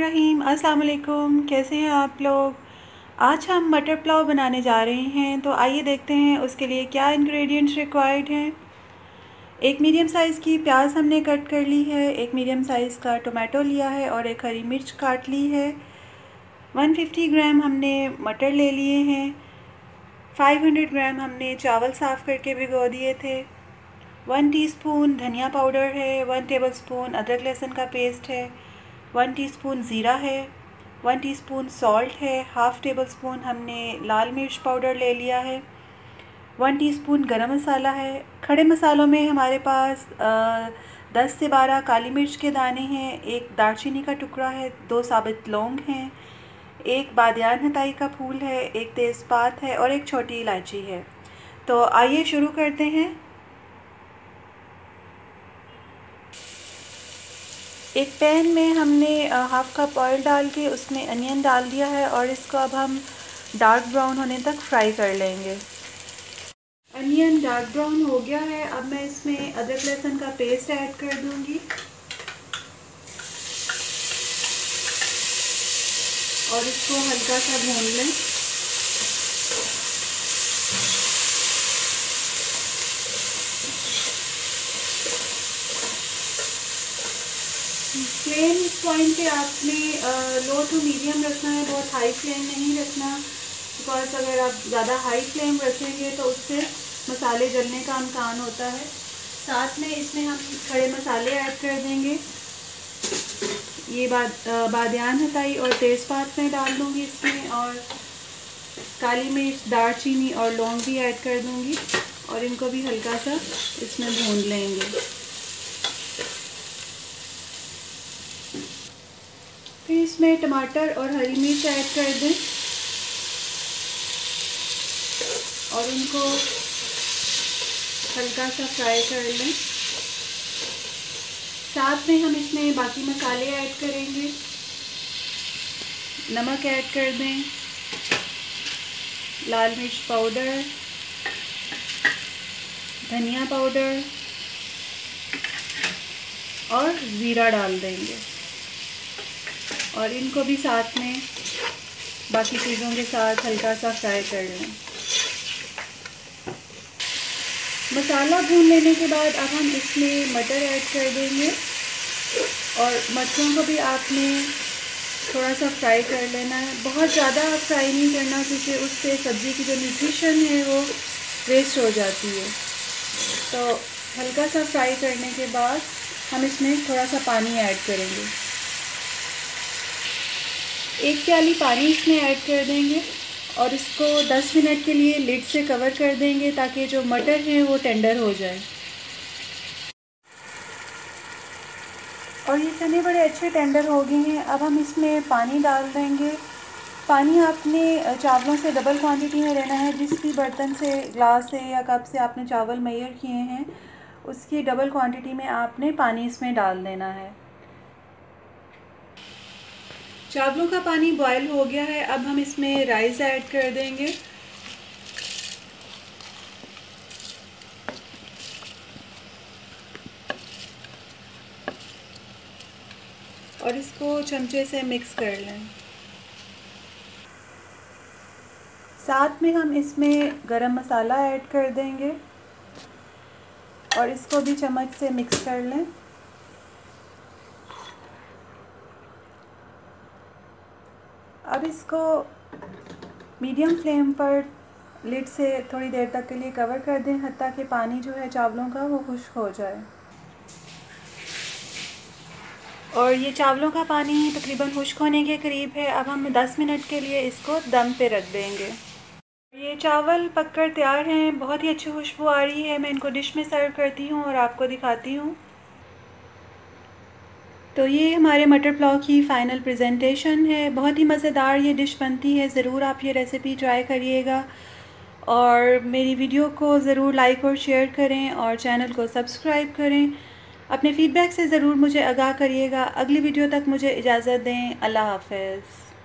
रहीम अस्सलाम वालेकुम कैसे हैं आप लोग आज हम मटर पुलाव बनाने जा रहे हैं तो आइए देखते हैं उसके लिए क्या इंग्रेडिएंट्स रिक्वायर्ड हैं एक मीडियम साइज़ की प्याज हमने कट कर ली है एक मीडियम साइज़ का टोमेटो लिया है और एक हरी मिर्च काट ली है 150 ग्राम हमने मटर ले लिए हैं 500 ग्राम हमने चावल साफ़ करके भिगो दिए थे वन टीस्पून धनिया पाउडर है वन टेबलस्पून अदरक लहसुन का पेस्ट है वन टीस्पून ज़ीरा है वन टीस्पून सॉल्ट है हाफ़ टेबल स्पून हमने लाल मिर्च पाउडर ले लिया है वन टीस्पून गरम मसाला है खड़े मसालों में हमारे पास आ, दस से बारह काली मिर्च के दाने हैं एक दालचीनी का टुकड़ा है दो साबित लौंग हैं एक बादयान हताई का फूल है एक तेज़पात है और एक छोटी इलायची है तो आइए शुरू करते हैं एक पैन में हमने हाफ़ कप ऑयल डाल के उसमें अनियन डाल दिया है और इसको अब हम डार्क ब्राउन होने तक फ्राई कर लेंगे अनियन डार्क ब्राउन हो गया है अब मैं इसमें अदरक लहसुन का पेस्ट ऐड कर दूंगी और इसको हल्का सा भून लें सेम पॉइंट पे आपने लो टू मीडियम रखना है बहुत हाई फ्लेम नहीं रखना बिकॉज अगर आप ज़्यादा हाई फ्लेम रखेंगे तो उससे मसाले जलने का अमकान होता है साथ में इसमें हम खड़े मसाले ऐड कर देंगे ये बाद बादन हटाई और तेज़पात में डाल दूँगी इसमें और काली मिर्च दालचीनी और लौंग भी ऐड कर दूँगी और इनको भी हल्का सा इसमें भून लेंगे फिर इसमें टमाटर और हरी मिर्च ऐड कर दें और इनको हल्का सा फ्राई कर लें साथ में हम इसमें बाकी मसाले ऐड करेंगे नमक ऐड कर दें लाल मिर्च पाउडर धनिया पाउडर और ज़ीरा डाल देंगे और इनको भी साथ में बाकी चीज़ों के साथ हल्का सा फ्राई कर लें मसाला भून लेने के बाद अब हम इसमें मटर ऐड कर देंगे और मटरों को भी आपने थोड़ा सा फ्राई कर लेना है बहुत ज़्यादा फ्राई नहीं करना क्योंकि उससे सब्ज़ी की जो न्यूट्रिशन है वो वेस्ट हो जाती है तो हल्का सा फ्राई करने के बाद हम इसमें थोड़ा सा पानी ऐड करेंगे एक प्याली पानी इसमें ऐड कर देंगे और इसको 10 मिनट के लिए लिड से कवर कर देंगे ताकि जो मटर हैं वो टेंडर हो जाए और ये चने बड़े अच्छे टेंडर हो गए हैं अब हम इसमें पानी डाल देंगे पानी आपने चावलों से डबल क्वांटिटी में लेना है जिस भी बर्तन से ग्लास से या कप से आपने चावल मैयर किए हैं उसकी डबल क्वांटिटी में आपने पानी इसमें डाल देना है चावलों का पानी बॉयल हो गया है अब हम इसमें राइस ऐड कर देंगे और इसको चमचे से मिक्स कर लें साथ में हम इसमें गरम मसाला ऐड कर देंगे और इसको भी चम्मच से मिक्स कर लें अब इसको मीडियम फ्लेम पर लिड से थोड़ी देर तक के लिए कवर कर दें हती कि पानी जो है चावलों का वो खुश्क हो जाए और ये चावलों का पानी तकरीबन खुश्क होने के करीब है अब हम 10 मिनट के लिए इसको दम पे रख देंगे ये चावल पककर तैयार हैं बहुत ही अच्छी खुशबू आ रही है मैं इनको डिश में सर्व करती हूँ और आपको दिखाती हूँ तो ये हमारे मटर पुलाव की फ़ाइनल प्रेजेंटेशन है बहुत ही मज़ेदार ये डिश बनती है ज़रूर आप ये रेसिपी ट्राई करिएगा और मेरी वीडियो को ज़रूर लाइक और शेयर करें और चैनल को सब्सक्राइब करें अपने फ़ीडबैक से ज़रूर मुझे आगाह करिएगा अगली वीडियो तक मुझे इजाज़त दें अल्लाह हाफ़